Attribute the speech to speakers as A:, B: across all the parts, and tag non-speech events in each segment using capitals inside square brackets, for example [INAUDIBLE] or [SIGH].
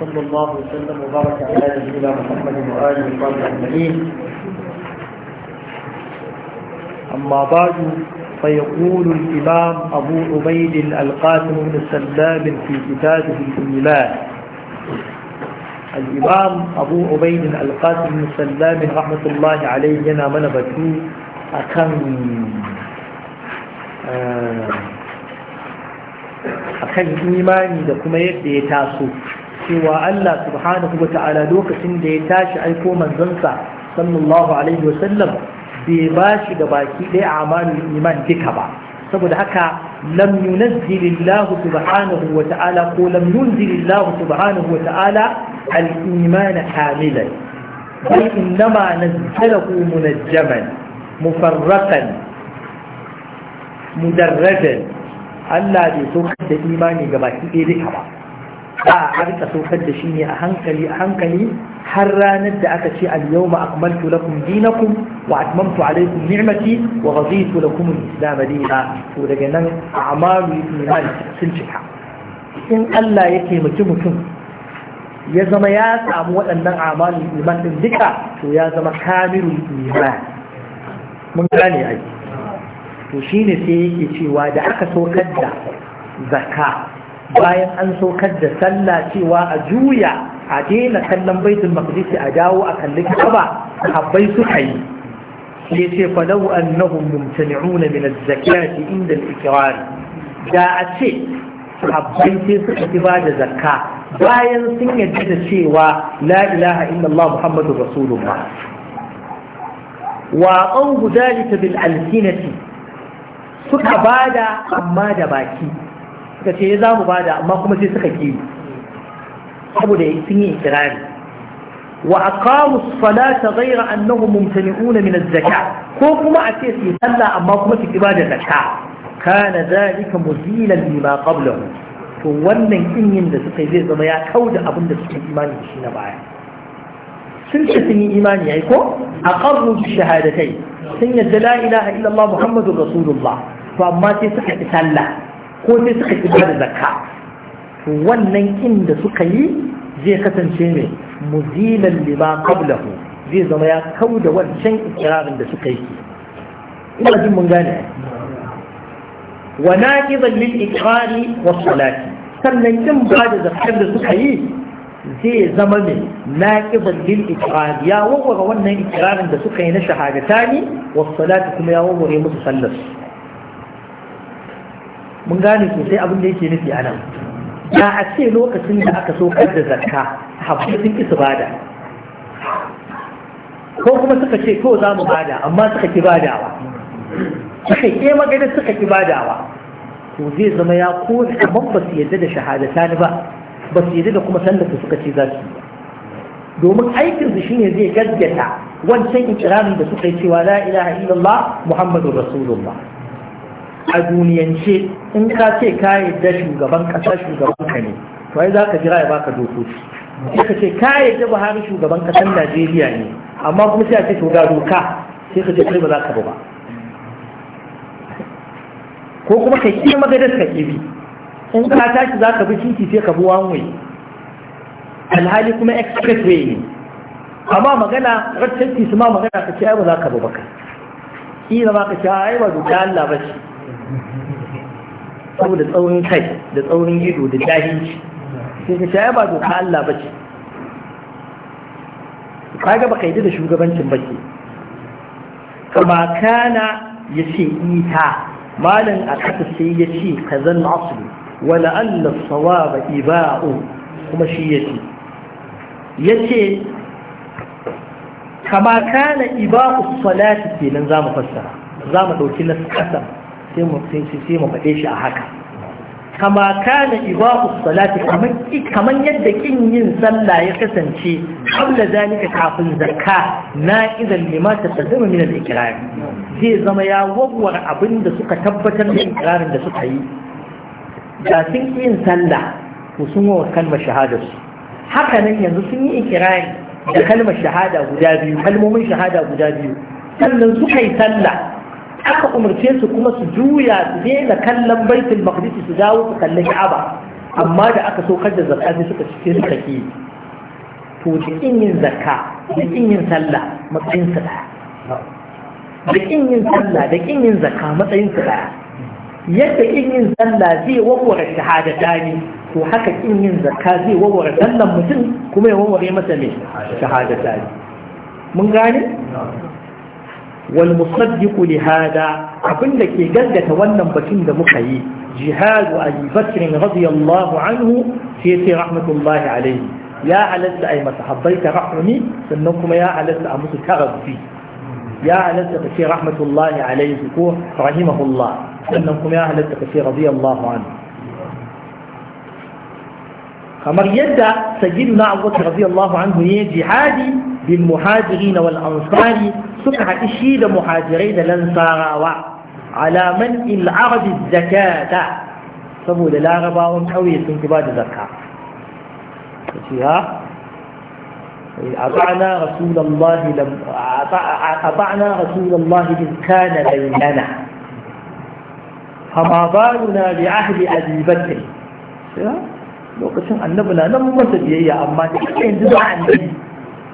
A: صلى الله وسلم وبارك على نبينا محمد وآله وصحبه أجمعين أما بعد فيقول الإمام أبو عبيد القاسم بن سلام في كتابه الإيمان الإمام أبو عبيد القاسم بن سلام رحمة الله عليه ينا من بكي أكن آه، أكن إيماني دكما يدي cewa Allah subhanahu wa ta'ala lokacin da ya tashi aiko manzansa sallallahu alaihi wa sallam bai ba shi da baki ɗaya amalul iman duka ba saboda haka lam yunazzilillahu subhanahu wa ta'ala ko lam yunzilillahu subhanahu wa ta'ala al-iman kamilan bal innama nazzalahu munajjaman mufarraqan mudarrajan Allah bai so da imani ga baki ɗaya duka ba ba a rika saukar da shi ne a hankali a hankali har ranar da aka ce al-yawma akmaltu lakum dinakum wa atmamtu alaykum ni'mati wa raditu lakum al-islam dina to daga nan a'malu iman sun cika in Allah ya taimaki mutum ya zama ya samu waɗannan amalin iman din duka to ya zama kamilul iman mun gane ai to shine sai yake cewa da aka saukar da zakka bayan an saukar da sallah cewa a juya a daina kallon baitul maqdisi a dawo a kalli kaba habbai suka yi sai ce falau annahum mumtani'una min az-zakati inda al-iqrar da a ce habbai sai suka ci ba da zakka bayan sun yadda da cewa la ilaha illallah muhammadu rasulullah wa qawlu dalika bil alsinati suka bada amma da baki suka ce eh, za mu bada amma kuma sai suka ki saboda sun yi ikirari wa aqamu salata ghayra annahum mumtani'un min az ko kuma a ce su sallah amma kuma su ki bada zakka kana zalika muzilan lima qablahu to wannan kinyin da suka yi zai zama ya kauda abin da suke imani shi na baya sun ce sun yi imani yayi ko aqarru bi shahadatai sun yadda la ilaha illallah muhammadur rasulullah to amma sai suka ki sallah ko sai suka ki bada zakka wannan inda suka yi zai kasance ne muzilan lima qablahu zai zama ya kauda wancan ikirarin da suka yi
B: ina jin mun gane
A: wa naqizan lil ikrari was salati sannan kin bada zakkar da suka yi zai zama ne naqizan lil ikrar ya wawwara wannan ikrarin da suka yi na shahadatani was salati kuma ya wawware musu sallar mun gane sosai abin da yake nufi nan ya a ce lokacin da aka kar da zakka habbu sun ki su bada ko kuma suka ce ko za mu bada amma suka ki badawa suka ke eh, magana suka ki badawa to zai zama ya ko amma ba su yadda da shahadata ba ba su yadda da kuma sallar da suka ce za su yi domin aikinsu shine zai gaggata wancan ikirarin da suka yi cewa la ilaha illallah muhammadur rasulullah a duniyance in ka ce ka yadda shugaban kasa shugaban ka ne to ai za ka jira ya baka dokoki sai ka ce ka yadda buhari shugaban kasar najeriya ne amma kuma sai a ce to ga doka sai ka ce kai ba za ka ba ko kuma ka ƙi magadar ka ƙi bi in ka tashi za ka bi titi sai ka bi wanwe alhali kuma expressway ne amma magana rattanci su ma magana ka ce ai ba za ka ba kai ƙila ma ka ce ai ba doka Allah ba shi saboda tsaurin kai da tsaurin ido da jahilci sai ka shaya ba doka Allah ba ce ka kaga ba yi da shugabancin ba ce kama kana ya ce ita malin a kasa sai ya ce ka kazan asulu wala Allah sawaba iba'u kuma shi ya ce ya ce kama kana iba'u salati kenan za mu fassara za mu ɗauki na kasa sai mu sai mu faɗe shi a haka kama kana ibahu salati kaman kaman yadda kin yin sallah ya kasance kabla zalika kafin zakka na idan lima tasaddama min al-ikrar zai zama ya wawwar abinda suka tabbatar da ikrarin da suka yi da sun yin sallah ku sun wa kalmar shahada su haka nan yanzu sun yi
B: ikirari da
A: kalmar shahada guda biyu kalmomin shahada guda biyu sannan suka yi sallah aka umarce su kuma su juya su daina kallon baitul maqdis su dawo su kalli ka'aba amma da aka so da zakka sai suka cike suka ki to da kin yin zakka da yin sallah matsayin su daya da kin yin sallah da yin zakka matsayin su daya yadda kin yin sallah zai wawware shahadatani to haka kin yin zakka zai wawware sallan mutum kuma ya wawware masa ne shahadatani mun gane wal musaddiqu li abinda ke gaggata wannan batun da muka yi jihadu abi bakr radiyallahu anhu sai sai rahmatullahi alayhi ya halatta ai masahabbaita rahmi sannan kuma ya halatta a musu tarabbi ya halatta ka ce rahmatullahi alayhi ko rahimahullah sannan kuma ya halatta ka ce kamar yadda na abubakar radiyallahu anhu ne jihadi بالمهاجرين والأنصار سكع إشيد مهاجرين لنصارا على من العرب الزكاة سبو للعرب ومحوية انتباد زكاة فيها أطعنا رسول الله لم أطعنا رسول الله إذ كان بيننا فما بالنا بعهد أبي بكر لو annabi na nan masa biyayya amma da yanzu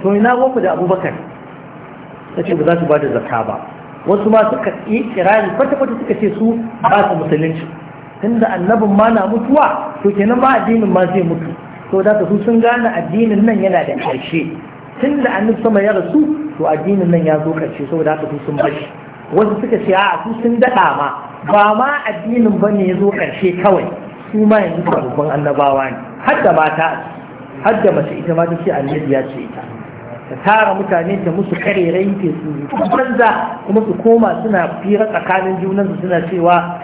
A: to ina gwamnu da abubakar ta ce ba za su ba da zakka ba wasu ma suka yi kirari kwata-kwata suka ce su ba su musulunci tunda annabin ma na mutuwa to kenan ba addinin ma zai mutu to da su sun gane addinin nan yana da ƙarshe tunda annabi sama ya rasu to addinin nan ya zo ƙarshe saboda haka su sun bashi wasu suka ce a su sun daɗa ma ba ma addinin ba ne ya zo ƙarshe kawai su ma yanzu babban annabawa ne har da mata har da mace ita ma ta ce annabi ya ce ita ta tara mutane ta musu karerai ke su banza kuma su koma suna fira tsakanin junansu suna cewa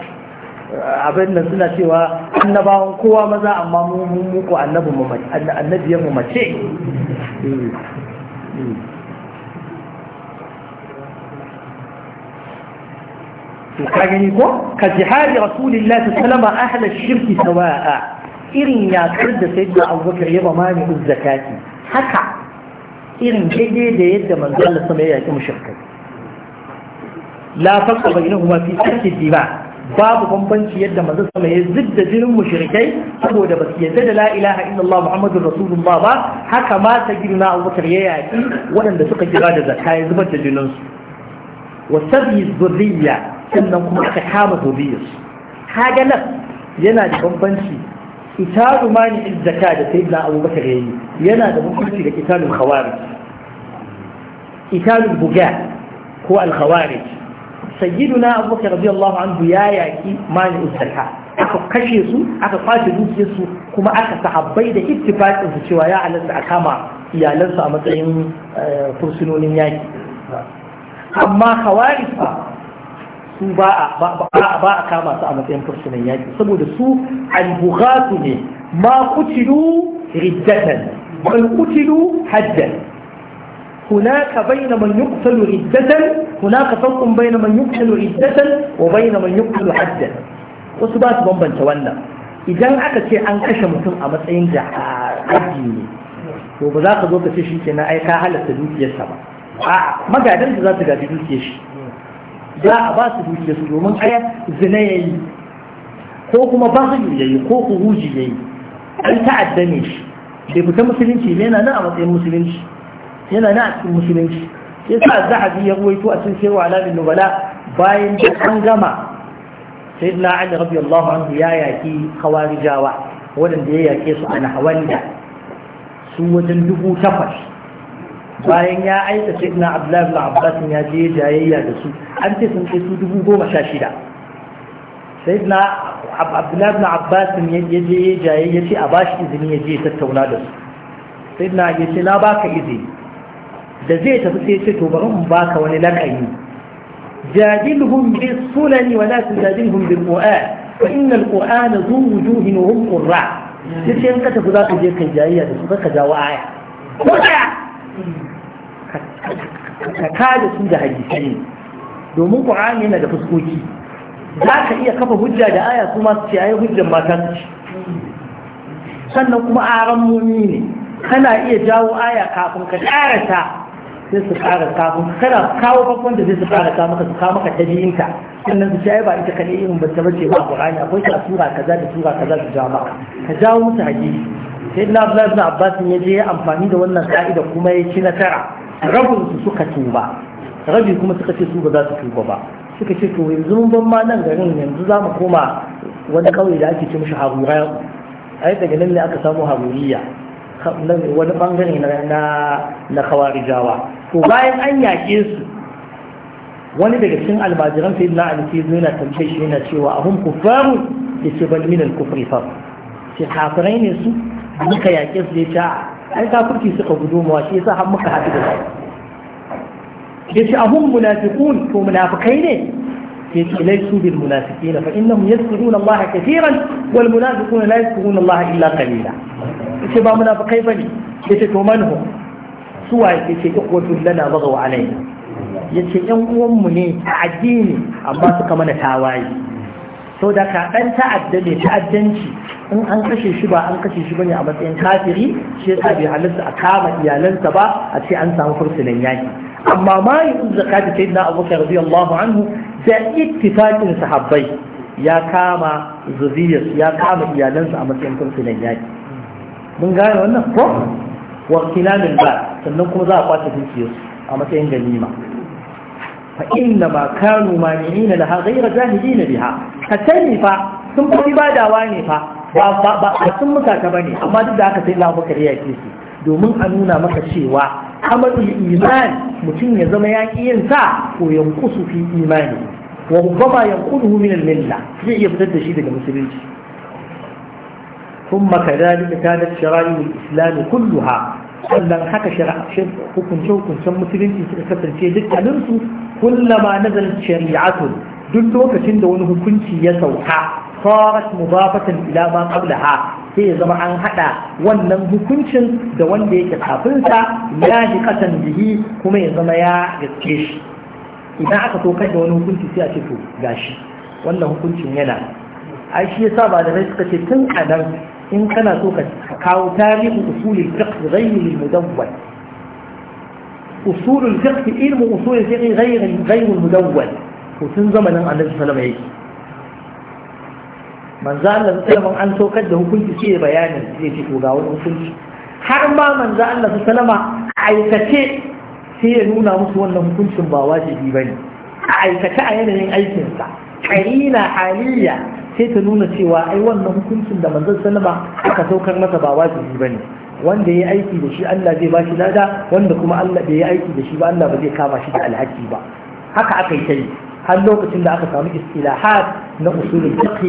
A: abin da suna cewa annabawan kowa maza amma mun muku annabin mu mace to ka gani ko ka Rasulillah ta sallama ahla shirki sawa'a irin yakar da sayyidina abubakar ya ba mani uzzakati haka irin daidai da yadda manzo Allah sama ya yaki mushrikai la farqa bainahuma fi sarki diba babu bambanci yadda manzo sama ya zidda jinin mushrikai saboda basu su yadda da la ilaha illallah muhammadur rasulullah ba haka ma ta girna abubakar ya yaki waɗanda suka kira da zakka ya zubar da jinin su wa sabi zurriya sannan kuma aka kama zurriyarsu kaga nan yana da bambanci italu mani izzaka da sayyidina abubakar yayi yana da hukunci da italul khawarij italul buga ko al khawarij sayyiduna abubakar radiyallahu anhu ya yaki mani izzaka aka kashe su aka kwace dukiyar su kuma aka sahabbai da ittifaqin su cewa ya halatta a kama iyalansu a matsayin eh, fursunonin yaki amma khawarij su ba a kama su a matsayin fursunan yaƙi saboda su albughatu ne ma kutilu riddatan bal kutilu haddan هناك بين من يقتل ردة هناك فرق بين من يقتل ردة وبين من يقتل حدا وسبات بمبن تولى idan aka ce an kashe mutum a matsayin da aji ne to ba za ka zo ka ce shi ke na aika halarta dukiyarsa ba a magadan da za su gaji shi za a ba su dukiya su domin aya zina ya yi ko kuma ba su ya yi ko kuruji ya yi an ta'adda ne shi bai fita musulunci ne yana nan a matsayin musulunci yana nan a cikin musulunci sai sa zahabi ya ruwaito a cikin sirwa alamin nubala bayan da an gama sai na ali allahu ya yaƙi kawarijawa waɗanda ya yaƙe su a nahawanda su wajen dubu takwas bayan ya aika sai na abdullahi ibn abbas ya je jayayya da su an ce sun kai su dubu goma sha shida sai na abdullahi ibn abbas ya je jayayya ce a bashi izini ya je tattauna da su sai na ya ce na baka izini da zai tafi sai ce to bari in baka wani lakayi jadilhum bi sulani wa la tujadilhum bil qur'an fa inna al qur'ana zu wujuhin wa hum qurra sai ka tafi za ka je kai jayayya da su ka jawo aya ko ka kada su da hadisai ne domin ƙur'ani yana da fuskoki za ka iya kafa hujja da aya su masu ce ayi hujjan mata su sannan kuma aran muni ne kana iya jawo aya kafin ka ƙarasa sai su ƙara kafin kana kawo farkon da zai su ƙara ka maka su kawo maka tabiinka sannan su ce ba ita kaɗai irin ba ta bace ba a ƙur'ani akwai ta sura kaza da sura kaza su jawo maka ka jawo musu hadisi sai na Abdullahi Abbas ya je ya amfani da wannan ka'ida kuma ya ci nasara rabin su suka tuba rabi kuma suka ce su ba za su tuba ba suka ce to yanzu mun ban ma nan garin yanzu za mu koma wani kauye da ake ce mishi harura ai daga nan ne aka samu haruriya wani bangare na na kawarijawa to bayan an yaƙe su wani daga cikin almajiran sai na alfi zai yana tambaye shi yana cewa a hun kufaru ya ce bal minal kufri fa sai ne su duka yaƙe su ya ce ai kafirci suka gudu mawa shi yasa har muka haɗu da su yace ahum munafiqun to munafikai ne yace laysu bil munafiqina fa innahum yadhkuruna Allah katiran wal munafiquna la yadhkuruna Allah illa qalila yace ba munafikai bane yace to manhu suwa yace ikwatul lana baghaw alaina yace yan uwan mu ne a addini amma suka mana tawaye sau da ka ɗan ta'adda ne ta'addanci in an kashe shi ba an kashe shi bane a matsayin kafiri shi yasa bai halarta a kama iyalansa ba a ce an samu fursunan yaki amma ma yi in zaka da sai na abokan radiyallahu anhu da ittifaqin sahabbai ya kama zuriyar ya kama iyalansa a matsayin fursunan yaki mun gane wannan ko wa kilalin ba sannan kuma za a kwace dukiyar a matsayin ganima fa’inna ma kanu ma nina da haɗaira zahidi na biha ka fa sun kuɗi ibada wa ne fa ba sun mutaka ba ne amma duk da aka sai lafi baka ya ke su domin a nuna maka cewa amadu iman mutum ya zama ya ƙi yinsa ko ya kusu fi imani wa gama ya kudu min almilla zai iya fitar da shi daga musulunci kuma kadalika kadat shara'i min islam kulluha sannan haka shara'a hukunce hukuncen musulunci suka kasance dukkanin su kullama nazal shari'atun duk lokacin da wani hukunci ya sauka sarat mudafatan ila ma qablaha sai ya zama an haɗa wannan hukuncin da wanda yake kafin sa ya kasan bihi kuma ya zama ya gaske shi idan aka tokar da wani hukunci sai a ce to gashi wannan hukuncin yana ai shi yasa ba da suka ce tun a in kana so ka kawo tarihi usulul fiqh ghayr al-mudawwal أصول الفقه علم أصول الفقه غير غير المدون وتن زمن النبي صلى الله عليه وسلم manzo Allah sallallahu an saukar da hukunci ce bayanin zai ce to ga wani hukunci har ma manzo Allah sallama a aikace sai ya nuna musu wannan hukuncin ba wajibi bane a aikace a yanayin aikinsa karina haliya sai ta nuna cewa ai wannan hukuncin da manzon sallama aka saukar masa ba wajibi bane wanda ya aiki da shi Allah zai bashi lada wanda kuma Allah bai yi aiki da shi ba Allah ba zai kama shi da alhaki ba haka aka yi tai har lokacin da aka samu istilahat na usulul fiqh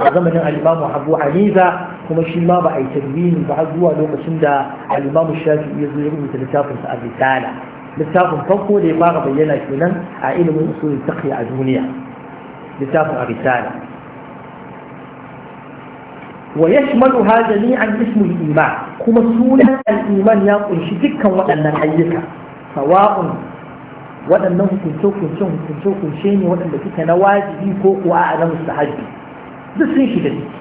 A: a zamanin al-Imam Abu Hanifa kuma shi ma ba a yi tadwini ba har zuwa lokacin da al-Imam Shafi'i ya zo ya rubuta littafin sa Ar-Risala littafin farko da ya fara bayyana kenan a ilimin usulul fiqh a duniya littafin Ar-Risala wa yashmalu ha jami'an ismul iman kuma sunan al-iman ya kunshi dukkan waɗannan ayyuka sawa'un waɗannan hukunce hukunce hukunce hukunce ne waɗanda suke na wajibi ko kuwa a na mustahabi duk sun shiga ciki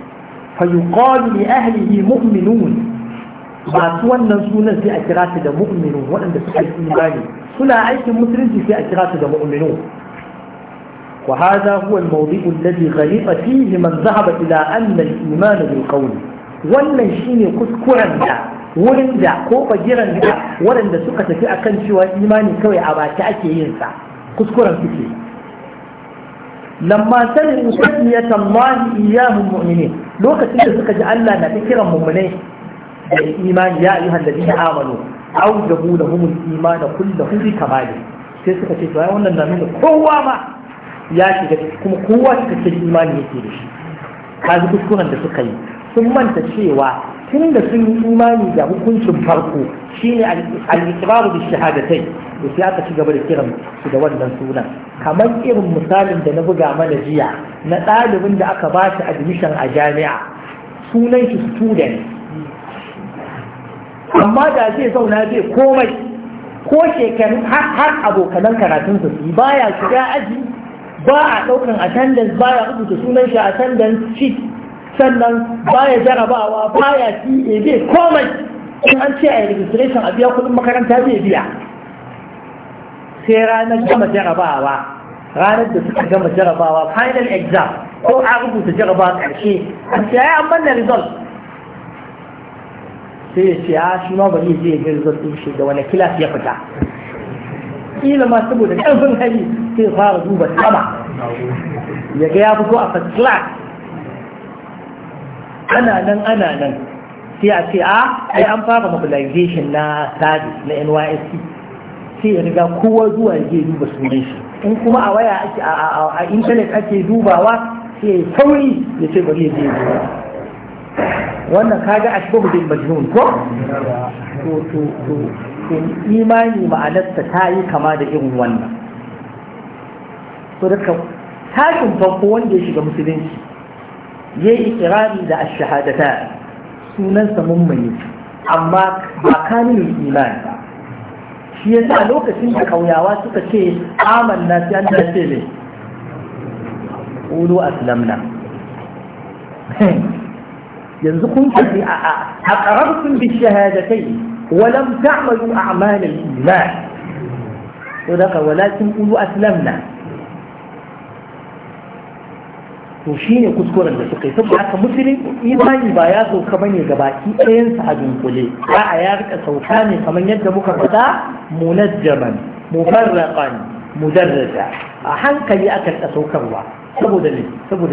A: fa yuqalu li ahlihi mu'minun masu wannan sunan sai a kira su da suka yi imani suna aikin musulunci sai a kira su da mu'minun وهذا هو الموضع الذي غلط فيه من ذهب إلى أن الإيمان بالقول wannan shine kuskuren da wurin da ko fagiran da waɗanda suka tafi akan cewa imani kawai a baki ake yin sa kuskuren suke lamma sanin usuliyat Allah iyyahum mu'minin lokacin da suka ji Allah na kiran mu'minai da imani ya yi ladina amanu aujabu da al-iman kullahu bi kamali sai suka ce to wannan na nuna kowa ma ya shiga kuma kowa cikakken imani yake da shi ji kuskuren da suka yi sun manta cewa tun da sun yi imani da hukuncin farko shine al shahada bi shahadatai da sai aka ci gaba da kiran su da wannan sunan kamar irin misalin da na buga mana jiya na ɗalibin da aka ba shi admission a jami'a sunan shi student amma da zai zauna zai komai ko shekaru har abokanan karatunsa su baya shiga aji ba a ɗaukan attendance ba ya rubuta sunan shi attendance sheet sannan ba ya jarabawa ba ya CA komai kuma an ce a yi registration a biya kuɗin makaranta zai biya sai ranar gama jarabawa ranar da suka gama jarabawa final exam ko a rubuta jarabawa ƙarshe a ce ya an banna result sai ya ce ya ah, shi ma ne zai ga result ɗin shi da wani kilas ya fita kila ma saboda karfin hali sai fara duba sama ya ga ya fito a first class ana nan ana nan sai a ce a ah, ai an fara mobilization na Sadi na nysc sai ya riga kowa zuwa ya duba sunan shi in kuma a waya ake a intanet ake dubawa sai ya sauri ya ce bari
B: ya je duba
A: wannan kaga ashbahu bil majnun ko to to imani ma'anarsa ta yi kama da irin wannan to da tashin farko wanda ya shiga musulunci ya yi ikirari da ashahadata sunansa mummuni amma ba kanin imani shi ya sa lokacin da kauyawa suka ce amanna sai an ce ne ulu aslamna [LAUGHS] يرزقهم حتى أقربتم بالشهادتين ولم تعملوا أعمال الإيمان صدق ولكن قولوا أسلمنا وشيني كذكورا لسكي سبعا كمسلم إيمان يبايات وكمان يقباكي أين سعدون قولي لا أيارك السوكاني كمان يدبوك فتا منجما مفرقا مدرجا أحنك يأكل أسوكا الله سبو دليل سبو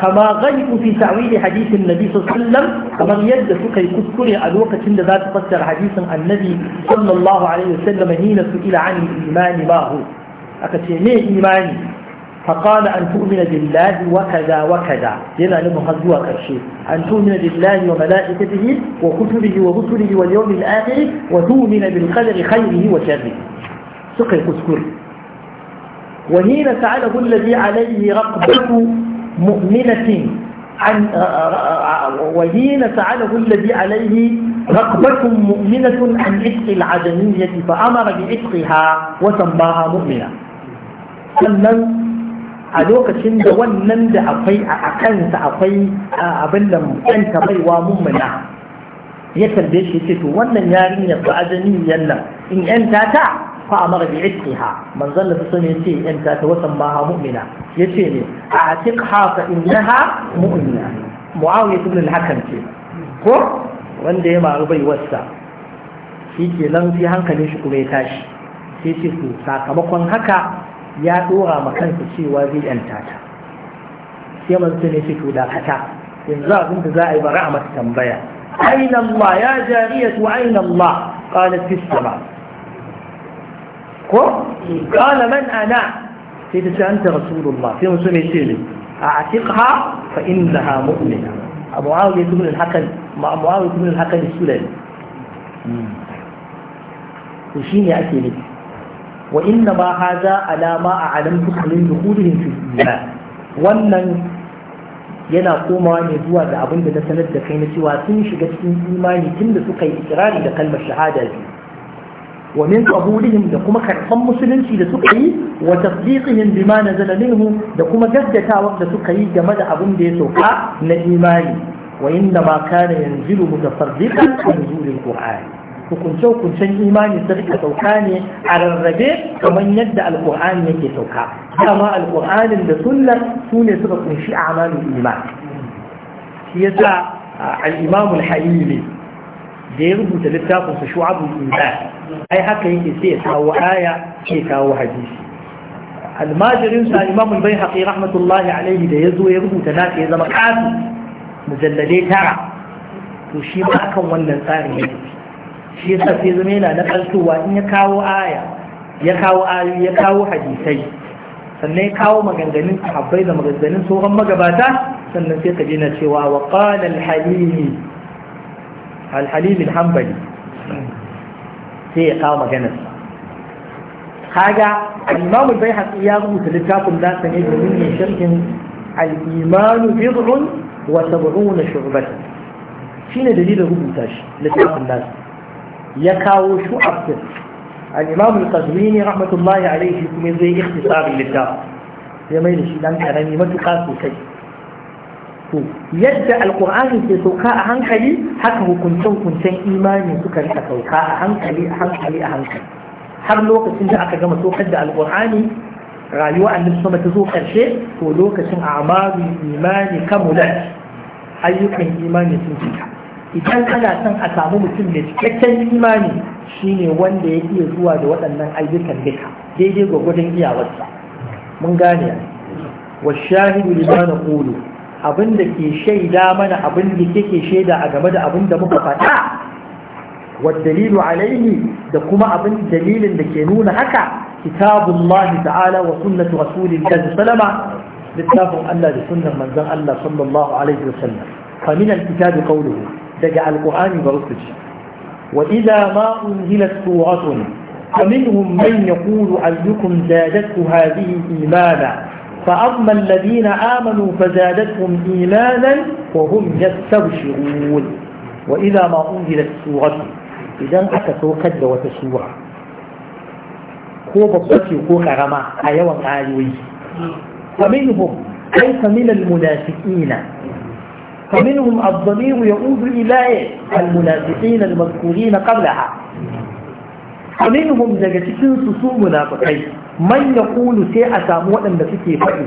A: كما غيب في تعويل حديث النبي صلى الله عليه وسلم كما يد سكي كسكري الوقت عند ذات قصر حديث النبي صلى الله عليه وسلم حين سئل عن الإيمان ما هو أكتشي ما فقال أن تؤمن بالله وكذا وكذا ينا لمخزوة كرشي أن تؤمن بالله وملائكته وكتبه ورسله واليوم الآخر وتؤمن بالقدر خيره وشره سقي كسكري وحين سأله الذي عليه رقبته مؤمنة عن آه، آه، آه، وهين فعله الذي عليه رقبة مؤمنة عن عتق العدنية فأمر بعتقها وسماها مؤمنة فمن أدوك شند ونن أفي أكنت أفي أبلم أنت بي ومؤمنة يتلبيش يتلبيش ونن يعني يبقى عدنية إن أنت تعب فأمر بعتقها من ظل فسنيتي أنت توسماها مؤمنة يتيني أعتقها فإنها مؤمنة معاوية بن الحكم ce, ko wanda ya maru bai wasa shi ke nan sai hankalin shi kuma ya tashi sai ce su sakamakon haka ya dora ma kansa cewa zai yanta ta sai manzo ne ce to dakata yanzu abin da za a yi bara a mata tambaya aina Allah ya jariyatu aina Allah qalat fi ko qala man ana sai ta ce anta rasulullah sai mutum mai ce ne a atiqha fa innaha mu'mina abu awiya ibn al-hakan ma abu awiya ibn al-hakan sulali to shine ake ne wa inna ma hadha alama a alamtu min dukhulihim fi wannan yana komawa ne zuwa da abin da na sanar da kai na cewa sun shiga cikin imani tun da suka yi ikirari da kalmar shahada biyu wa min da kuma karban musulunci da suka yi wa tasdiqihim bima nazala minhu da kuma gaddatawa da suka yi game da abun da ya sauka na imani wa inda ma kana yanzilu mutafarriqan fi nuzulil qur'an hukunce hukuncen imani sun rika sauka ne a rarrabe kamar yadda alqur'ani yake sauka dama alqur'anin da sunnar su ne suka kunshi a'malul iman shi yasa al-imam al-hayyi da ya rubuta littafinsa shu'abul iman ai haka yake sai ya kawo aya sai ya kawo hadisi almajirin sa imam al-baihaqi rahmatullahi alaihi da yazo ya rubuta naka ya zama kafi mujallade tara to shi ma akan wannan tsarin yake shi yasa sai zama yana na kaltowa in ya kawo aya ya kawo ayoyi ya kawo hadisai sannan ya kawo maganganun sahabbai da maganganun sauran magabata sannan sai ka na cewa wa qala al-halimi الحليم الحنبلي في قام جنس حاجة الإمام البيحق إياه وتلتاكم ذات نجم من شرك الإيمان بضع وسبعون شعبة فينا دليل هو بتاش لتلتاكم ذات يكاو شو أفضل الإمام القزويني رحمة الله عليه في ذي اختصار للدار يميل الشيطان كرامي ما تقاسوا شيء to yadda alkur'ani ke sauka a hankali haka hukuncen hukuncen imani suka rika sauka a hankali a hankali a hankali har lokacin da aka gama saukar da alkur'ani rayuwa annabi sama ta zo karshe to lokacin amalu imani kamulat ayyukan imani sun cika idan ana son a samu mutum mai cikakken imani shine wanda ya iya zuwa da waɗannan ayyukan duka daidai gwagwadon iyawarsa mun gane wa shahidu liman qulu Abin da ke shaida mana abinda kake shaida a game da abinda muka faɗa wadda dalilu alaihi da kuma dalilin da ke nuna haka kitabullahi ta'ala wa sunnatu rasulil kazi salama littafin Allah da sunnan manzon Allah sallallahu alaihi wa sallam fa min alkitab qawluhu daga alqur'ani ba rusuj wa idha ma unzilat suratun فمنهم من يقول أيكم زادته هذه إيمانا فأما الذين آمنوا فزادتهم إيمانا وهم يستبشرون وإذا ما أنزلت سورة إذا أتت وكد وتسورة
B: هو بطلتي
A: هو كرما أيوة عالوي فمنهم ليس من المنافقين فمنهم الضمير يعود إلى المنافقين المذكورين قبلها فمنهم daga cikin su su munafikai man yaqulu sai a samu waɗanda suke faɗi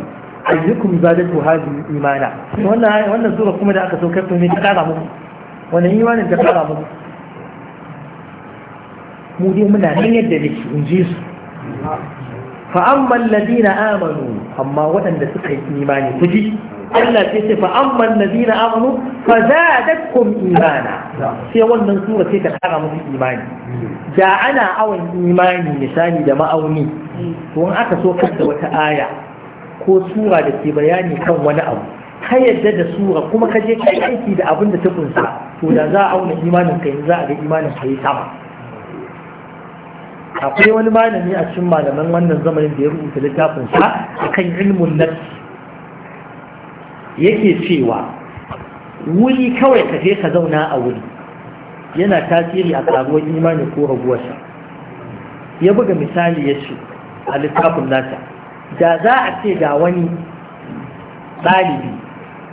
A: ayyukum zadatu hadhihi imana wannan wannan sura kuma da aka kai to ne ta kara muku wannan imanin ta kara muku mu dai muna nan yadda nake in ji su fa amma alladina amanu amma waɗanda suka yi imani ku ji Allah sai ce fa amman ladina amanu fa zadatkum imana sai wannan sura sai ta kara musu imani da ana awan imani misali da ma'auni to aka so da wata aya ko sura da ke bayani kan wani abu ka yadda da sura kuma ka je kai aiki da abin da ta kunsa to da za a auna imanin ka za a ga imanin ka yi sama akwai wani malami a cikin malaman wannan zamanin da ya rubuta littafin sa akan ilmun nafsi yake cewa wuri kawai ka je ka zauna a wuri yana tasiri a karuwar imani ko raguwarsa ya buga misali ya ce a littafin nata. da za a ce ga wani ɗalibi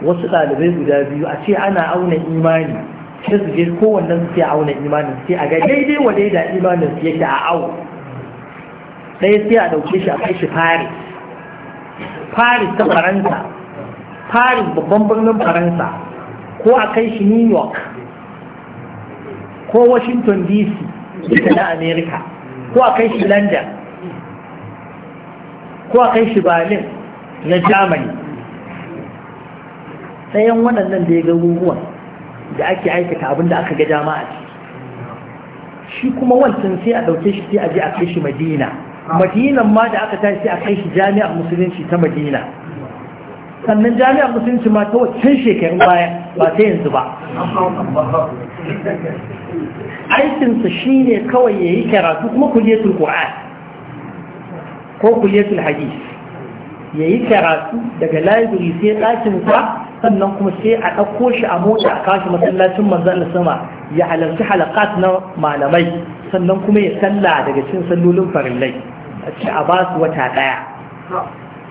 A: wasu ɗalibai guda biyu a ce ana auna imani ta su je su ke auna imanin sai a ga daidai wa daida imanin su yake a au ɗaya sai a ɗauke shi a kai shi Paris Paris ta Faransa paris babban birnin faransa ko a kai shi new york ko washington dc da na america ko a kai shi london ko a kai shi berlin na germany sayan waɗannan da ya ga garuruwan da ake aikata abinda aka ga jama'a shi kuma wancan sai a ɗauke shi sai a je a kai shi madina madinan ma da aka tashi sai a kai shi jami'ar musulunci ta madina sannan jami'ar musulunci ma ta waccan shekarun baya ba ta yanzu ba aikinsa shi ne kawai ya yi karatu kuma kuliyatul ƙwa'ad ko kuliyatul hadis ya yi karatu daga library sai ɗakinsa sannan kuma sai a ɗauko shi a mota a kashi masallacin manzan sama ya halarci halakat na malamai sannan kuma ya salla daga cin sallolin farillai a ce a basu wata ɗaya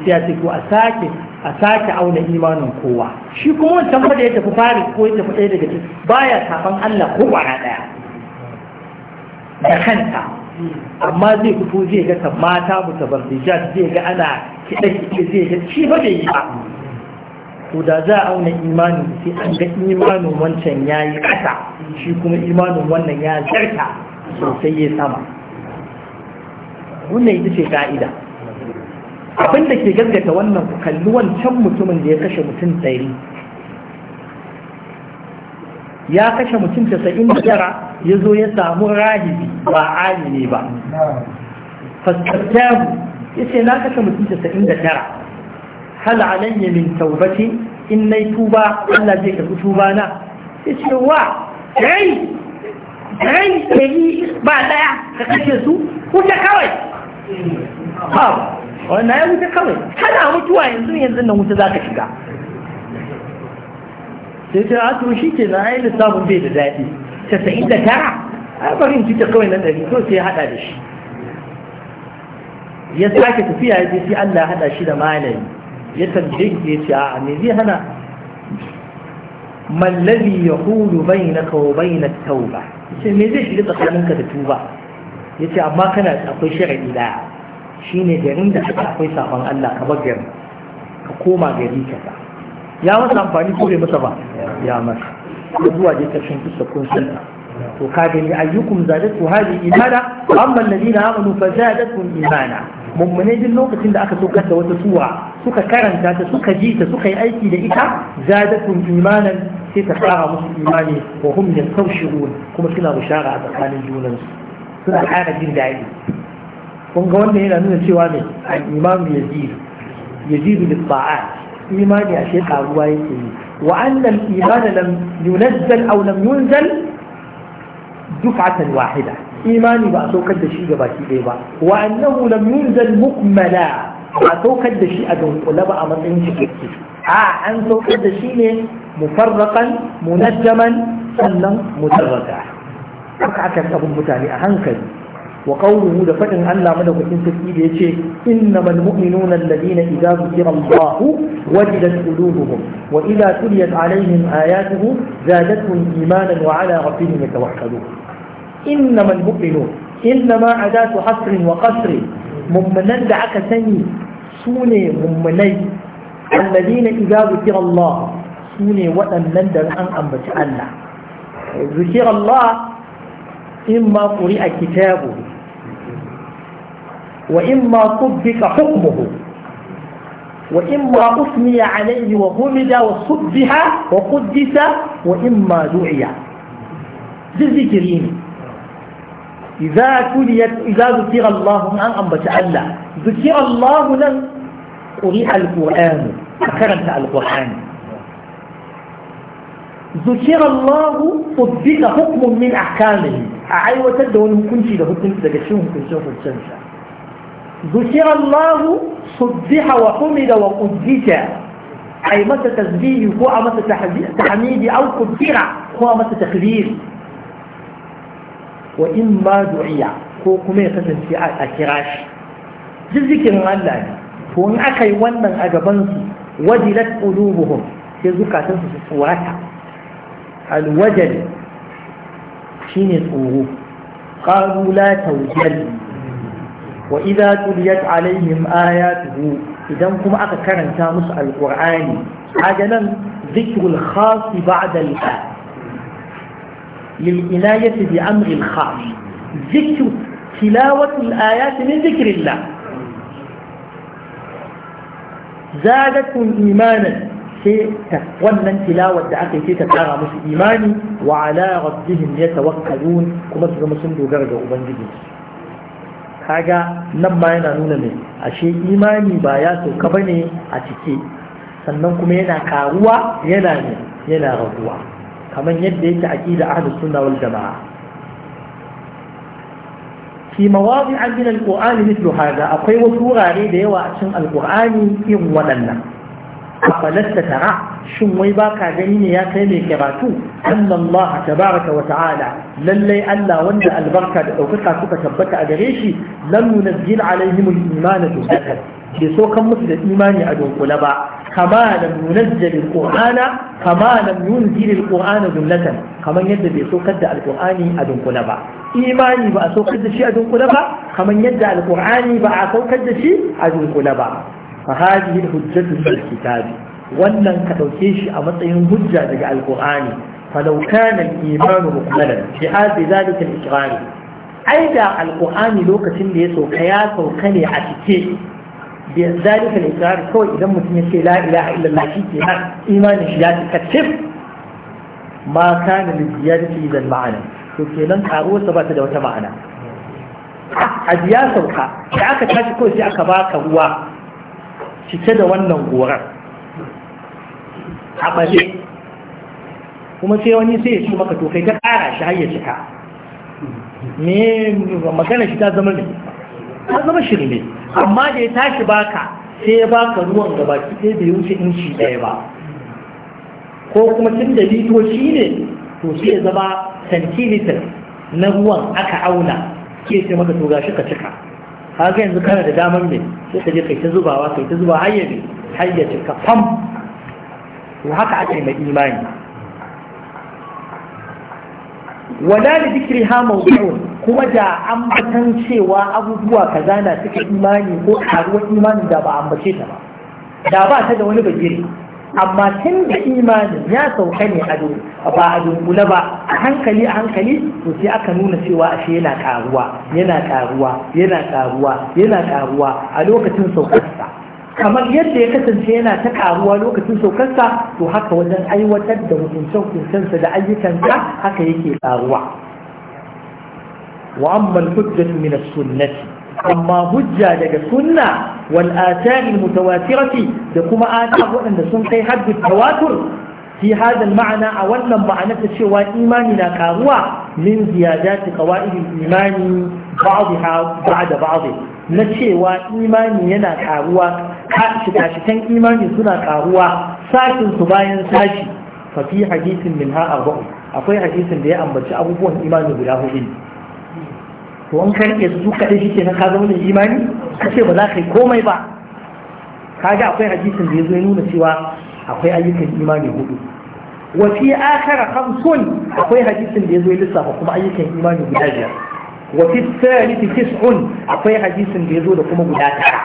A: sai a ce a sake a sake auna imanin kowa shi kuma wancan fa da ya tafi fari ko ya tafi ɗaya daga cikin baya saban Allah ko kwana ɗaya da kanta amma zai fito zai ga ta mata mutabarrijat zai ga ana kiɗa kiɗe zai ga shi ba da yi ba to da za a auna imanin sai an ga imanin wancan ya yi ƙasa shi kuma imanin wannan ya zarta sosai ya sama wannan ita ce ka'ida abin ke gaggata wannan kalli wancan mutumin da ya kashe mutum ɗari ya kashe mutum casa'in da ya zo ya samu rahibi ba alimi ba fasattabu ya ce na kashe mutum casa'in da tara hal alayya min taubati in nai tuba Allah zai karɓi tuba na ya ce wa rai rai ɗari ba ɗaya ka kashe su kuka kawai wannan ya wuce kawai kana mutuwa yanzu yanzu nan wuce za ka shiga sai ta a ah, to shi ke na ayi lissafin bai da daɗi casa'in da tara a barin ta kawai na ɗari to sai ya haɗa da shi ya sake tafiya ya ce sai Allah ya haɗa shi da malami ya tambaye ya ce a'a me zai hana mallabi ya hulu bai na kawo bai na tauba ce me zai shiga tsakaninka da tuba ya ce amma kana akwai shari'i da. shine garin da aka akwai sabon Allah ka bar garin ka koma gari ya masa amfani ko masa ba ya masa ko zuwa je karshen kisa kun sunna to ka gani ayyukum zadatu hadi imana amma alladina amanu fazadatuhum imana mummune duk lokacin da aka saukar da wata suwa suka karanta ta suka ji ta suka yi aiki da ita zadatum imanan sai ta kara musu imani wa hum yastawshirun kuma suna bishara a tsakanin junansu suna ƙara jin daɗi kun ga wannan yana nuna cewa ne a imam yazid yazid bil ta'at imani a shi karuwa yake yi wa annal iman lam yunazzal aw lam yunzal duf'atan wahida imani ba a saukar da shi ga baki ɗaya ba wa annahu lam yunzal mukmala ba saukar da shi a dunkule ba a matsayin cikakke a an saukar da shi ne mufarraqan munajjaman sannan mutarraka haka aka abin mutane a hankali وقوله لفتن ألا ملك تنسكي ليشي إنما المؤمنون الذين إذا ذكر الله وجدت قلوبهم وإذا تليت عليهم آياته زادتهم إيمانا وعلى ربهم يتوكلون إنما المؤمنون إنما أداة حصر وقصر ممنن دعك سني سوني ممني الذين إذا ذكر الله سوني وأمن دعك أن أنبت الله ذكر الله إما قرئ كتابه وإما طبق حكمه وإما أثني عليه وهمد وصبها وقدس وإما دعي كريم إذا كليت إذا ذكر الله أن نعم، أم الله ذكر الله لن نعم. قرئ القرآن أكرمت القرآن ذكر الله طبق حكم من أحكامه أعيوة دون كنت له كنت لك كنت شو كنت ذكر الله صدح وحمد وقدس أي متى تسبيح هو متى تحميد أو كبير هو متى تخليل وإما دعية هو كما يقسم في أكراش ذكر الله هو أن أخي ونن أجبنس وجلت قلوبهم في زكاة تنسى صورتها الوجل شين الأوروب قالوا لا توجل wa idza tuliyat alaihim ayatuhu idan kuma aka karanta musu alqur'ani kaga nan zikrul khas ba'da al-an lil inayati bi amri al-khas zikru tilawati al-ayat min zikrillah zadakum imanan sai wannan tilawar da aka yi ta kara musu imani wa ala rabbihim yatawakkalun kuma su zama sun dogara ga ubangiji kaga nan ba yana nuna mai ashe imani ba ya sauka ba ne a cike sannan kuma yana karuwa yana ne yana raguwa kamar yadda yake aqida ahlus sunna wal jamaa fi mawadi'an min al-qur'ani mithlu hada akwai wasu wurare da yawa a cikin al-qur'ani irin waɗannan afalasta tara shin wai ba ka gani ne ya kai mai karatu ta tabaraka wa ta'ala lallai Allah wanda albarka da ɗaukaka suka tabbata a gare shi lam yunzil alaihim al-iman dukkan bai so kan musu da imani a dunkula ba kama lam yunzil al-qur'ana kama lam yunzil al-qur'ana jumlatan kaman yadda bai so kadda al-qur'ani a dunkula ba imani ba a so kadda shi a dunkula ba kaman yadda al-qur'ani ba a so kadda shi a dunkula ba fa hadhihi al-hujjatu min wannan ka dauke shi a matsayin hujja daga alqur'ani falau kana al-iman mukmalan bi hadhi zalika al-iqrar ai da alqur'ani lokacin da ya sauka ya sauka ne a cike bi zalika al-iqrar kawai idan mutum ya ce la ilaha illallah shi ke imanin shi ya tikatif ma kana liziyarci idan ma'ana to kenan karuwarsa ba ta da wata ma'ana a ya sauka da aka tashi kawai sai aka baka ruwa cike da wannan goran a ɓalle kuma sai wani sai ya ce maka to kai ta ƙara shi har ya cika me magana shi ta zama ne ta zama shirme amma da ya tashi baka sai ya baka ruwan gaba da ya wuce inci ɗaya ba ko kuma tun da litoci ne to sai ya zama centilitar na ruwan aka auna ke ce maka to gashi ka cika haka yanzu kana da damar ne sai ka je kai ta zubawa kai ta zuba hayyabi hayyacin ka fam to haka ake mai imani wala da zikri ha mawdu'un kuma da ambatan cewa abubuwa kaza na suka imani ko karuwar imani da ba ambace ta ba da ba ta da wani bagire amma tun da imanin ya sauka ne a ba a dunkule ba a hankali a hankali to sai aka nuna cewa ashe yana karuwa yana karuwa yana karuwa yana karuwa a lokacin saukarsa kamar yadda ya kasance yana ta karuwa lokacin saukarsa to haka wajen aiwatar da hukuncen hukuncensa da ayyukansa haka yake karuwa wa amma al-hujjatu min as-sunnati amma hujja daga sunna wal atari mutawatirati da kuma atar waɗanda sun kai haddu tawatur fi hadal ma'ana a wannan ma'ana ta cewa imani na karuwa min ziyadati qawaidil imani ba'dha ba'da ba'd na cewa imani yana karuwa ka imani suna karuwa sakin su bayan sashi fa fi hadithin minha akwai hadisin da ya ambaci abubuwan imani guda hudu to in kan iya su kaɗai shi ke na ka zama imani ka ce ba za ka yi komai ba kaga akwai hadisin da ya zo ya nuna cewa akwai ayyukan imani hudu wa fi akhara khamsun akwai hadisin da ya zo ya lissafa kuma ayyukan imani guda biyar wa fi thalith tis'un akwai hadisin da ya zo da kuma guda tara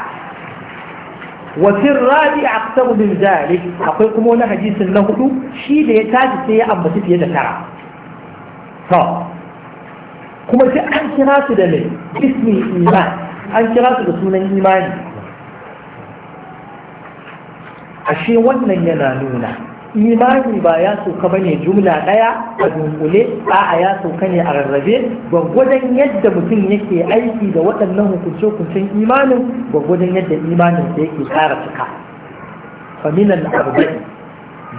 A: wa fi rabi aqtabu min zalik akwai kuma wani hadisin na hudu shi da ya tashi sai ya ambaci fiye da tara to kuma sai an kira su da mai ismin iman an kira su da sunan imani ashe wannan yana nuna imani ba ya sauka ba ne jumla ɗaya a dunkule a ya sauka ne a rarrabe gwaggwadon yadda mutum yake aiki da waɗannan hukunce-hukuncen imanin gwaggwadon yadda imanin da yake ƙara cika faminan arba'in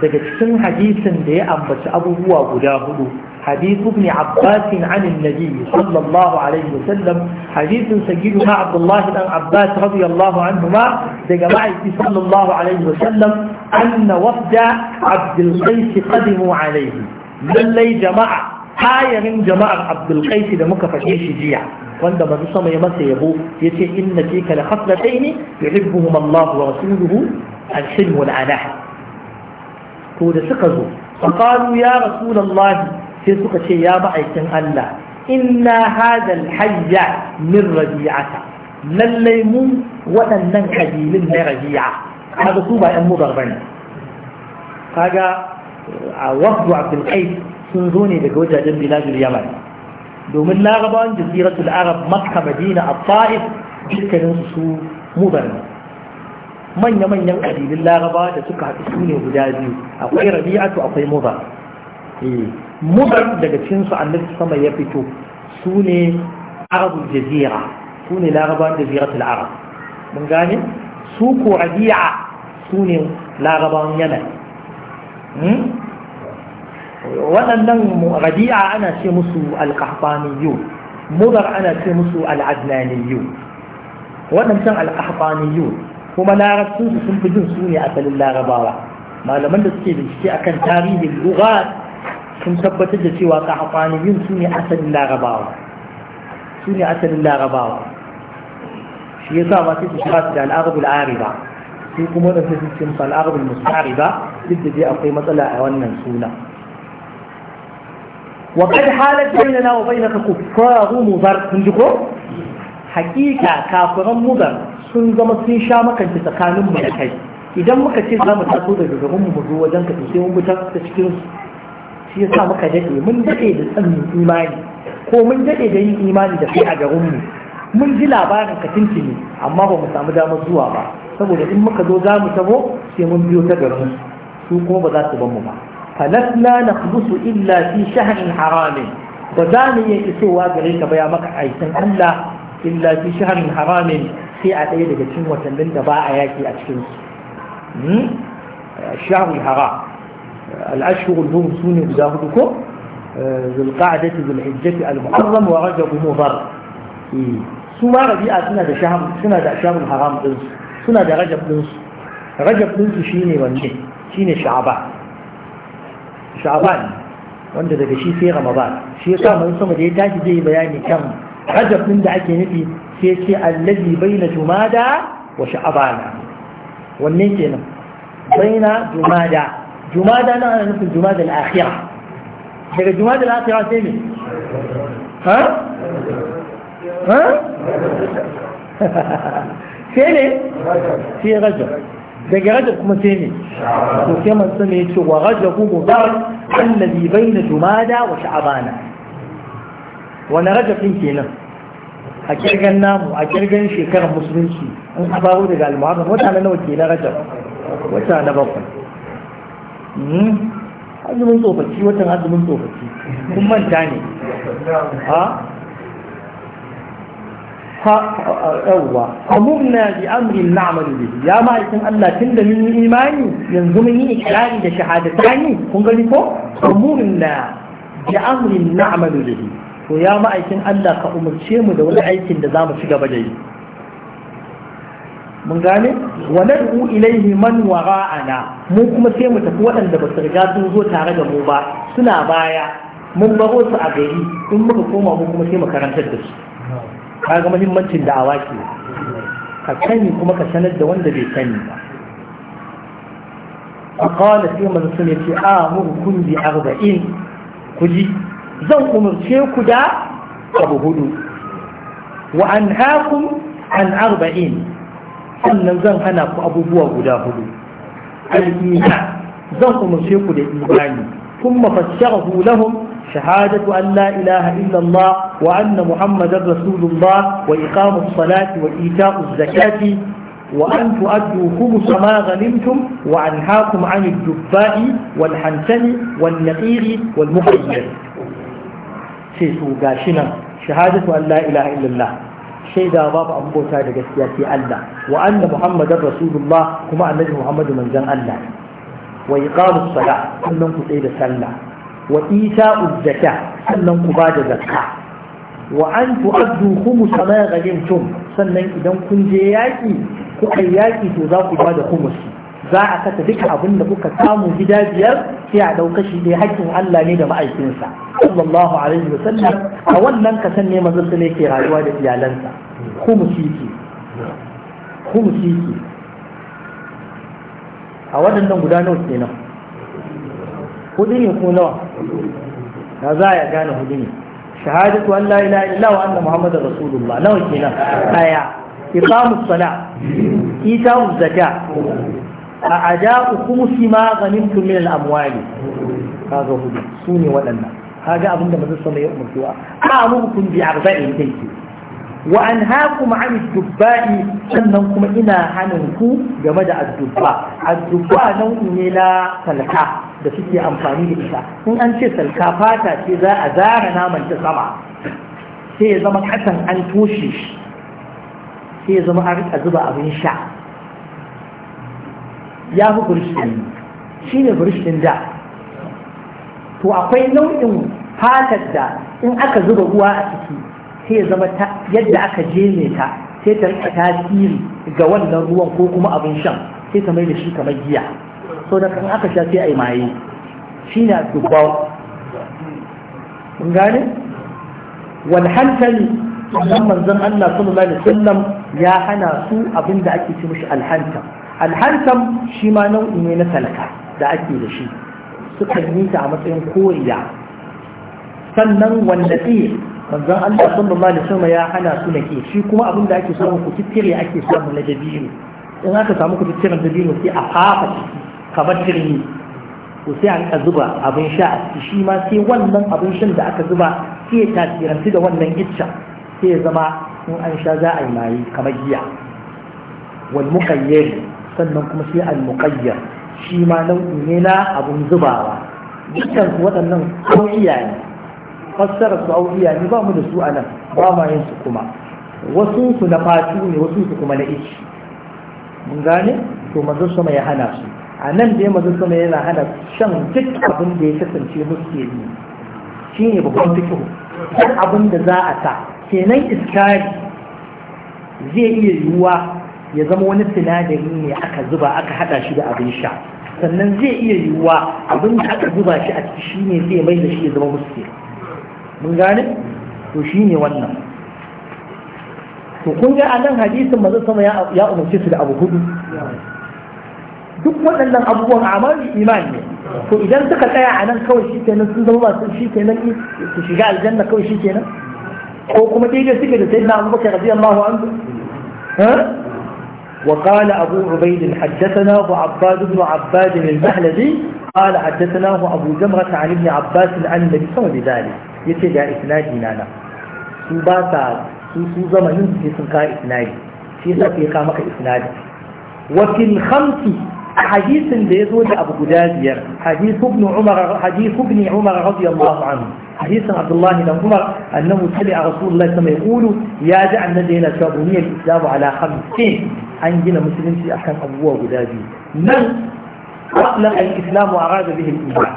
A: daga cikin hadisin da ya ambaci abubuwa guda hudu hadisu ابن Abbas عن annabi sallallahu alaihi wasallam hadisin حديث ma عبد الله Abbas radiyallahu anhu ma daga ma'aiki sallallahu alaihi wasallam anna wafda Abdul Qais qadimu alaihi عليه jama'a hayarin jama'ar Abdul Qais da muka fashe shi jiya wanda masu sama ya masa yabo yace ce inna fi kala khatlataini yuhibbuhum Allah wa rasuluhu al-hilm wal to da suka zo faqalu ya rasulullah sai suka ce ya ma'aikin Allah inna hadal hajja min rabi'ata lallai mun waɗannan kabilin na rabi'a kaga su ba ƴan mugar bane kaga a wafdu abdul qais sun zo ne daga wajajen biladul yaman domin larabawan jaziratul arab makka madina at-ta'if dukkanin su mubar ne manya-manyan ƙabilun laraba da suka haɗu su ne guda biyu akwai rabi'atu akwai mubar eh, mubar daga cinsu annabi sama ya fito su ne arabul jazira su ne laraba da ziratul arab mun gane su ko rabi'a su ne larabawan yanayi hmm? waɗannan rabi'a ana ce musu alƙahfaniyun mubar ana ce musu al'adnaniyun waɗancan alƙahfaniyun kuma su sun fi jin su ne asalin larabawa malaman da suke bincike akan tarihin lugha sun tabbatar da cewa ka hafani yin su ne asalin larabawa su ne asalin larabawa shi ya sa masu su shiga da al'arabul ariba su kuma da su cikin al'arabul mustariba duk da dai akwai matsala a wannan suna wa kad halat bainana wa bainaka kuffaru mudar kun ji ko hakika kafiran mudar sun zama sun sha makanci tsakanin mu da kai idan muka ce za mu taso daga garin mu zo wajen ka to sai mun fita ta cikin shi yasa muka dade mun dade da tsamin imani ko mun dade da yin imani da kai a garin mu mun ji labarin ka tuntuni amma ba mu samu damar zuwa ba saboda in muka zo za mu taho sai mun biyo ta garin su kuma ba za su ban mu ba falasna naqbusu illa fi shahrin haramin ba za mu iya isowa gare ka ba ya maka aikin Allah illa fi shahrin haramin sai a ɗaya daga cikin watannin da ba a yaƙi a cikin su shahrul haram al-ashhurul hum sune guda hudu ko zulqa'dati zulhijjati al-muharram wa rajab mudhar su ma rabi'a suna da shahr suna da shahrul haram din su suna da rajab din su rajab din su shine wanne shine sha'ban sha'ban wanda daga shi sai ramadan shi ya sa mun sama da ya tashi zai bayani kan rajab din da ake nufi sai ce allazi baina jumada wa sha'abana wanne kenan baina jumada jumada na ana nufin jumada al-akhira daga jumada al-akhira sai ne
B: ha ha
A: sai ne sai rajab daga rajab kuma sai ne to sai man sani yace wa rajabu mudar allazi baina jumada wa sha'abana wani rajab din kenan a kirgan namu a kirgan shekarar musulunci an ka faru daga almuharram wata na nawa ke na rajab wata na bakwai hmm? azumin tsofaffi watan azumin tsofaffi kun manta ne ha yawwa amurna bi amrin na'mal bi ya ma'aikin Allah tun da mun imani yanzu mun yi ikrari da shahadatani kun gani ko amurna bi amrin na'mal bi to ya ma'aikin Allah ka umarce mu da wani aikin da za mu ci gaba da yi mun gane wa nad'u ilaihi man wara'ana mu kuma sai mu tafi waɗanda ba su riga sun zo tare da mu ba suna baya mun baro su a gari in muka koma mu kuma sai mu karantar da su kaga muhimmancin da'awa ke ka sani kuma ka sanar da wanda bai sani ba فقال في من سنة arba'in? Ku ji. zan umarce ku da abu hudu wa an haku an arba'in sannan zan hana ku abubuwa guda hudu
B: al'ina zan
A: umarce ku da imani kun mafashar hulahun shahadatu Allah, la'ilaha illallah wa anna muhammadar rasulullah wa iqamus salati wa ita'uz zakati وأن تؤدوا خمس ما غنمتم وعنهاكم عن الدباء والحنتم والنقير والمخير ce to gashi nan shahadatu Allah ilaha illallah shaida babu abin bauta da gaskiya sai Allah wa anna muhammadar rasulullah kuma annabi muhammadu manzon Allah wa iqamus salah sannan ku tsaye da sallah wa ita'uz zakah sannan ku ba da zakka wa an tu'addu khumus ma ghanimtum sannan idan kun je yaki ku kai yaki to za ku ba da khumusi za a kasa duka abin da kuka samu gida biyar sai a ɗauka shi dai haƙƙin Allah ne da ma'aikinsa sallallahu alaihi wa sallam a wannan kasan ne manzo ne ke rayuwa da iyalansa
B: khumusi ke
A: khumusi ke a waɗannan guda nawa kenan hudu ne ko nawa na za a gane hudu ne shahadatu an la ilaha illa wa anna muhammadar rasulullah nawa kenan daya iqamus sala ita'uz zakat a aja'ukum fi ma ghanimtum min al-amwali kaga hudu ne waɗannan kaga abin da manzo sallallahu ya umarci a a'murukum bi arba'in dayki wa anhaakum 'an ad-dubba'i sannan kuma ina hanin ku game da ad-dubba ad ne na salka da suke amfani da ita in an ce salka fata ce za a zara naman ta sama sai ya zama kasan an toshe shi sai ya zama a zuba abin sha ya fi burush ɗin shi ne burush ɗin da to akwai nau'in fatar da in aka zuba ruwa a ciki sai ya zama yadda aka jeme ta sai ta rika tasiri ga wannan ruwan ko kuma abin shan sai ta mai da shi kamar giya so da kan aka sha sai a yi maye shi na dubbau mun gane wal hantali wannan manzon Allah sallallahu alaihi wasallam ya hana su abin da ake ce mishi alhanta alhantam shi ma nau'i ne na talaka da ake da shi sukan yi ta a matsayin koriya sannan wanda tsaye manzon Allah sallallahu da wasallam ya hana su ke? shi kuma abin da ake samu ku tittire ake samu na dabino in aka samu ku tittiren dabino sai a fafa ciki kamar tirni sai an ka zuba abin sha a ciki shi ma sai wannan abin shan da aka zuba sai ya tasirantu da wannan iccen sai ya zama in an sha za a yi maye kamar giya wal muqayyir sannan kuma shi al-muqayyar shi ma nau'i ne na abun zubawa dukkan su waɗannan auliya ne fassara su auliya ne ba mu da su anan. nan ba ma yin su kuma wasu su na fatu ne wasu su kuma na ishi. mun gane to manzo sama ya hana su a nan dai manzo sama yana hana shan duk abin da ya kasance Shi ne babban fikihu duk abin da za a ta kenan iskari zai iya yiwuwa ya zama wani sinadari ne aka zuba aka hada shi da abin sha sannan zai iya yiwuwa abin da aka zuba shi a ciki shi ne zai mai da shi ya zama muske mun gane to shi ne wannan to kun ga a nan hadisin mazu sama ya umarci su da abu hudu duk waɗannan abubuwan amali imani ne to idan suka tsaya a nan kawai shi kenan sun zama masu shi kenan su shiga aljanna kawai shi kenan ko kuma daidai suke da sayyidina abubakar radiyallahu anhu ha وقال أبو عبيد حدثنا عباد بن عباد المهلبي قال حدثناه أبو جمرة عن ابن عباس عن النبي صلى الله عليه وسلم يتجا إسنادي نانا su ba sa su su zamanin su sun ka isnadi shi yasa ke ka maka isnadi wa fil khamsi حديث بيزود أبو قدازير حديث ابن عمر حديث ابن عمر رضي الله عنه حديث عبد الله بن عمر أنه سمع رسول الله كما يقول يا دع الذين بني الإسلام على خمسين عندنا مسلم في أحكام أبو قدازي من أطلق الإسلام وأراد به الإيمان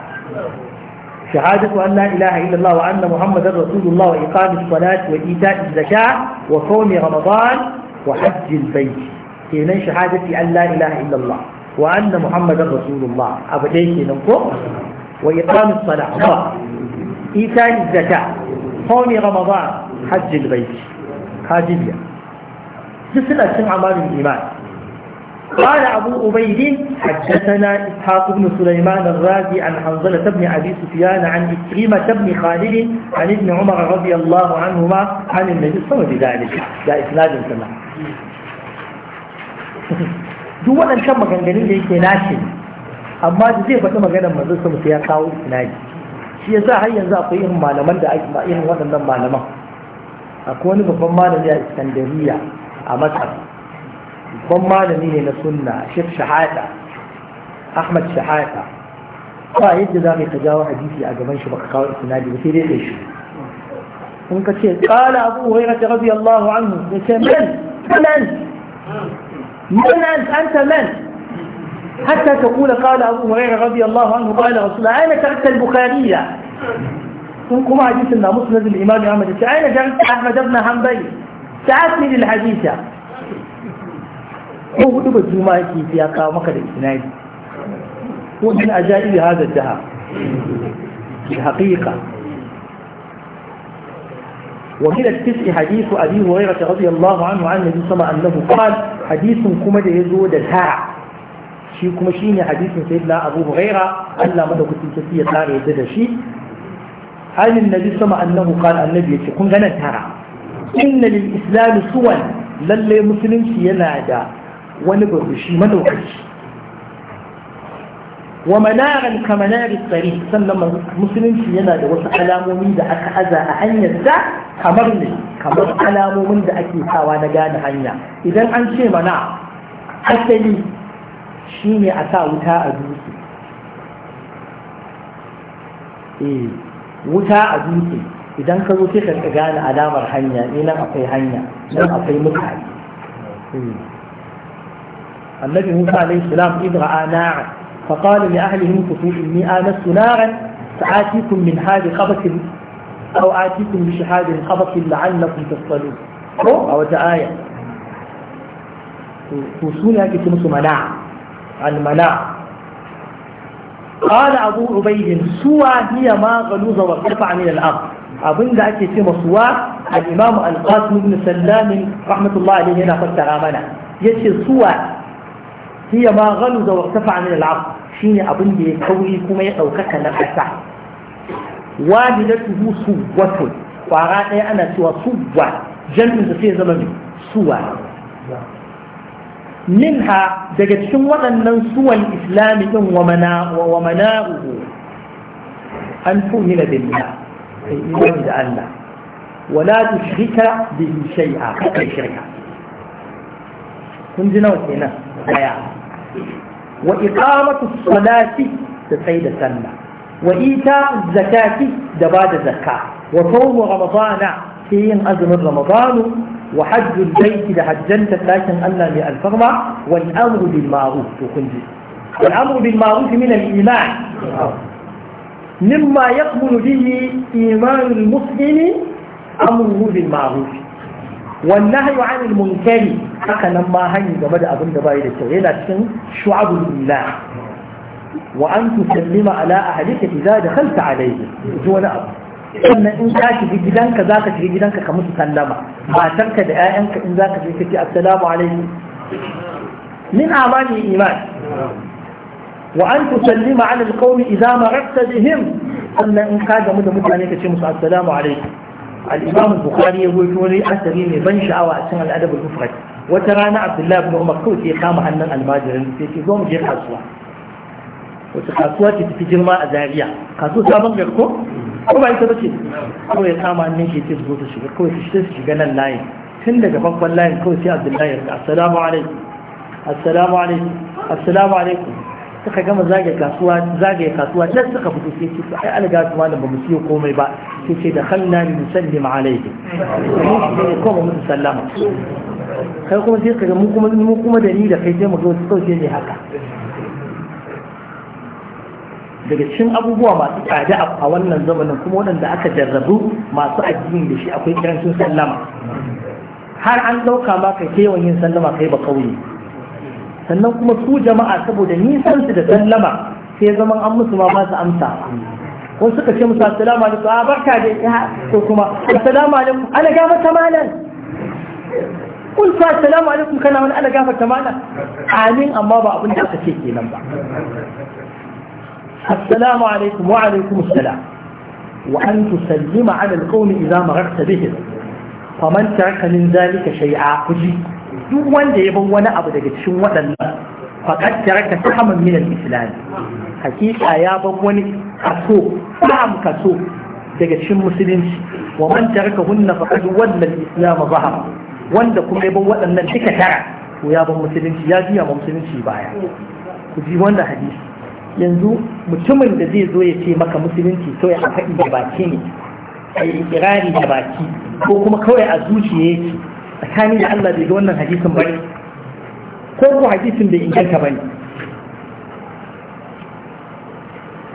A: شهادة أن لا إله إلا الله وأن محمدا رسول الله وإقام الصلاة وإيتاء الزكاة وصوم رمضان وحج البيت هنا شهادة أن لا إله إلا الله wa anna muhammadan rasulullah abu ɗaya kenan ko wa iqamus salah ba ita zakka qawmi ramadan hajjil bait hajjiya duk suna cin amalin iman قال أبو أبيد حدثنا إسحاق بن سليمان الرازي عن حنظلة بن أبي سفيان عن إكريمة بن خالد عن ابن عمر رضي الله عنهما عن النبي صلى الله عليه وسلم ذلك لا إسناد سمع duk waɗancan maganganun da yake nashi amma da zai faɗi maganar manzo sa sai ya kawo isnadi shi yasa har yanzu akwai irin malaman da ake irin waɗannan malaman akwai wani babban malami a Iskandariya a Masar babban malami ne na sunna Sheikh Shahada Ahmad Shahada ba yadda za mu ka jawo hadisi a gaban shi baka kawo isnadi ba sai dai kai shi in ka ce qala abu hurairah radiyallahu anhu ya ce man man من أنت أنت من حتى تقول قال أبو هريرة رضي الله عنه قال رسول الله أين تركت البخارية كما حديث أن مسند الإمام أحمد أين تركت أحمد بن حنبل ساعتني للحديث هو هو دبا جمعة في سياقة مقدة هو من أجائب هذا الدهر الحقيقة ومن التسع حديث أبي هريرة رضي الله عنه عن النبي صلى الله عليه وسلم قال حديث كما يزود الهاع شي كما شيني حديث سيدنا أبو هريرة ألا مدى كنت تسية تاري يزد شي عن النبي صلى الله عليه وسلم قال النبي يتكون غنى تارع إن للإسلام سوى للي مسلم شي ينادى ونبغشي مدوكشي ومنارا كمنار الطريق سلم المسلم في ينادى وسلام من دعك أزا أن يزع كمرني كمر سلام من دعك سوى نجان عنا إذا عن شيء منع حتى لي شيء أتى وتاء أدوس إيه وتاء أدوس إذا كانوا تخرج أجان علامة حنيا إلى أقي حنيا لا أقي مكان إيه. النبي موسى عليه السلام إذ رأى ناعم فقال لأهلهم كفوا إني آنست نارا سآتيكم من هذه خبث أو آتيكم بشهاد خبث لعلكم تصطلون أو آية وصولها كتمس مناع المناع قال أبو عبيد سوى هي ما غلوز وارتفع من الأرض أظن ذلك كتمس سوى الإمام القاسم بن سلام رحمة الله عليه هنا فتر آمنا يتي سوى هي ما غلظ وارتفع من العرض shine abin da ya kauri kuma ya ɗaukaka na ƙasa su suwwatun ƙwara ɗaya ana cewa suwwa jami'in da sai zama mai suwa minha daga cikin waɗannan suwan islami ɗin wa uku? an tumina billah kai imani da Allah wala tushrika bihi shay'a kai shirka kun ji nawa kenan daya وإقامة الصلاة تسيد السنة وإيتاء الزكاة دباد الزكاة وصوم رمضان سين أزم رمضان وحج البيت لحجنت لكن ألا لألفرما والأمر بالمعروف تخنجي والأمر بالمعروف من الإيمان مما يقبل به إيمان المسلم أمره بالمعروف والنهي عن المنكر هكذا ما هني جمد أبن دبائي للتغيير لكن شعب الله وأن تسلم على أهلك إذا دخلت عليه دون أبو sannan in ka shiga gidanka za ka shiga gidanka ka musu sallama matarka da 'ya'yanka in za ka shiga kake assalamu alaikum min amani iman wa an tusallima ala alqawmi idza mararta bihim sannan in ka gamu da mutane ka al-imam al-bukhari ya goyi wani asali mai ban sha'awa a cikin al-adab al-mufrad wata rana abdullahi ibn umar kawai sai kama hannun almajirin sai ce zo mu je kasuwa wata kasuwa ce tafi girma a Zariya? kasuwa sabon garko ko ba ita ba ce kawai ya kama hannun shi ce zo ta shiga kawai ta shiga shiga nan layin tun daga babban layin kawai sai abdullahi ya rika assalamu alaikum assalamu alaikum assalamu alaikum suka gama zage kasuwa zage kasuwa sai suka fito sai su ai alga su malam ba mu siyo komai ba sai ce da khalla ni musallim alaihi sai ko mu sallama
B: kai kuma sai kaga mu
A: kuma mu kuma da ni da kai sai mu ga wasu sauke ne haka daga cikin abubuwa masu tsada a wannan zamanin kuma waɗanda aka jarrabu masu addini da shi akwai kirancin sallama har an ɗauka ma kai yawan yin sallama kai ba kauye sannan kuma su jama'a saboda nisan su da sallama sai zaman an musu ma ba su amsa wasu suka ce musu assalamu alaikum a ah, barka da ya ah, ko kuma assalamu alaikum ana ga mata malan kun sa assalamu alaikum kana wani ana ga mata amin amma ba abin da aka ce kenan ba assalamu alaikum wa alaikum assalam wa an tusallima ala alqawmi idza mararta bihim faman taraka min zalika shay'a kuji duk wanda ya ban wani abu daga cikin waɗannan faƙad taraka sahaman min al-islam hakika ya ban wani kaso sam kaso daga cikin musulunci wa man taraka hunna faqad walla al-islam zahar wanda kuma ya ban waɗannan duka tara to ya ban musulunci ya biya ma musulunci baya ku ji wannan hadisi yanzu mutumin da zai zo ya ce maka musulunci kawai a faɗi da baki ne a ikirari da baki ko kuma kawai a zuciya yake tsakani da Allah bai ga wannan hadisin ba ko ko hadisin bai inganta ba ne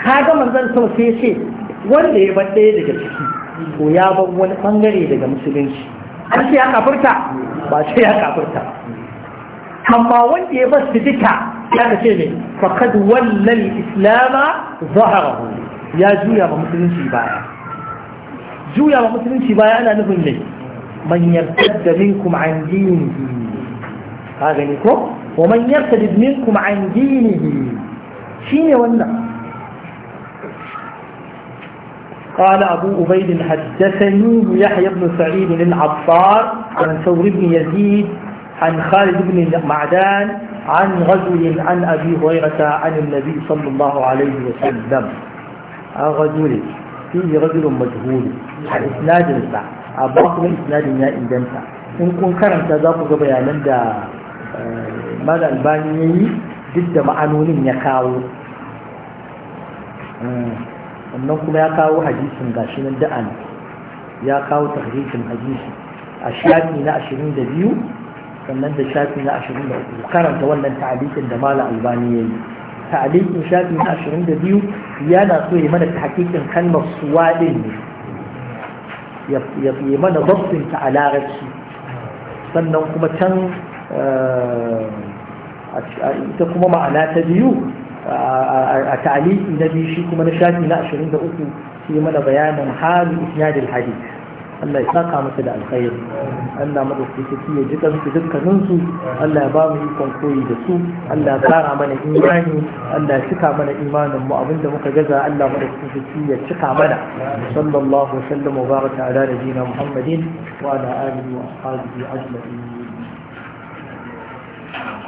A: ka ga manzon sau sai ce wanda ya bar ɗaya daga ciki to ya bar wani ɓangare daga musulunci an ce ya kafurta ba ce ya kafurta. amma wanda ya bar su duka ya ce ne fakad wallal islama zaharahu ya juya ba musulunci baya juya ba musulunci baya ana nufin ne من يرتد منكم عن دينه هذا نكو يعني ومن يرتد منكم عن دينه شين ولا قال أبو أبيد حدثني يحيى بن سعيد العطار عن ثور بن يزيد عن خالد بن معدان عن رجل عن أبي هريرة عن النبي صلى الله عليه وسلم عن رجل فيه رجل مجهول عن يعني إسناد amma kuma sinadin ya inganta in kun karanta za ku ga bayanan da eh, mala albani ya yi duk da ma'anonin ya kawo wannan eh, kuma ya kawo hadisin gashi nan da'an ya kawo tahrikin hadisi a shafi na 22 sannan da shafi na 23 karanta wannan ta'alikin da mala albani ya yi ta'alikin shafi na 22 yana so ya mana hakikin kalmar suwaɗin ne ya mana babtinta a larabci sannan kuma can eh, ita kuma ma'ana ta biyu a ta'aliki na biyu shi kuma na shafi na 23 sai mana bayanin halin isnadil hadith Allah ya saka masa da alkhairi Allah madaukaki ya ji kansu dukkanin su Allah ya ba mu ikon koyi da su Allah ya kara mana imani Allah ya cika mana imanin mu abinda muka gaza Allah madaukaki ya cika mana sallallahu wasallam wa baraka ala nabiyina
B: Muhammadin wa ala alihi wa ashabihi ajma'in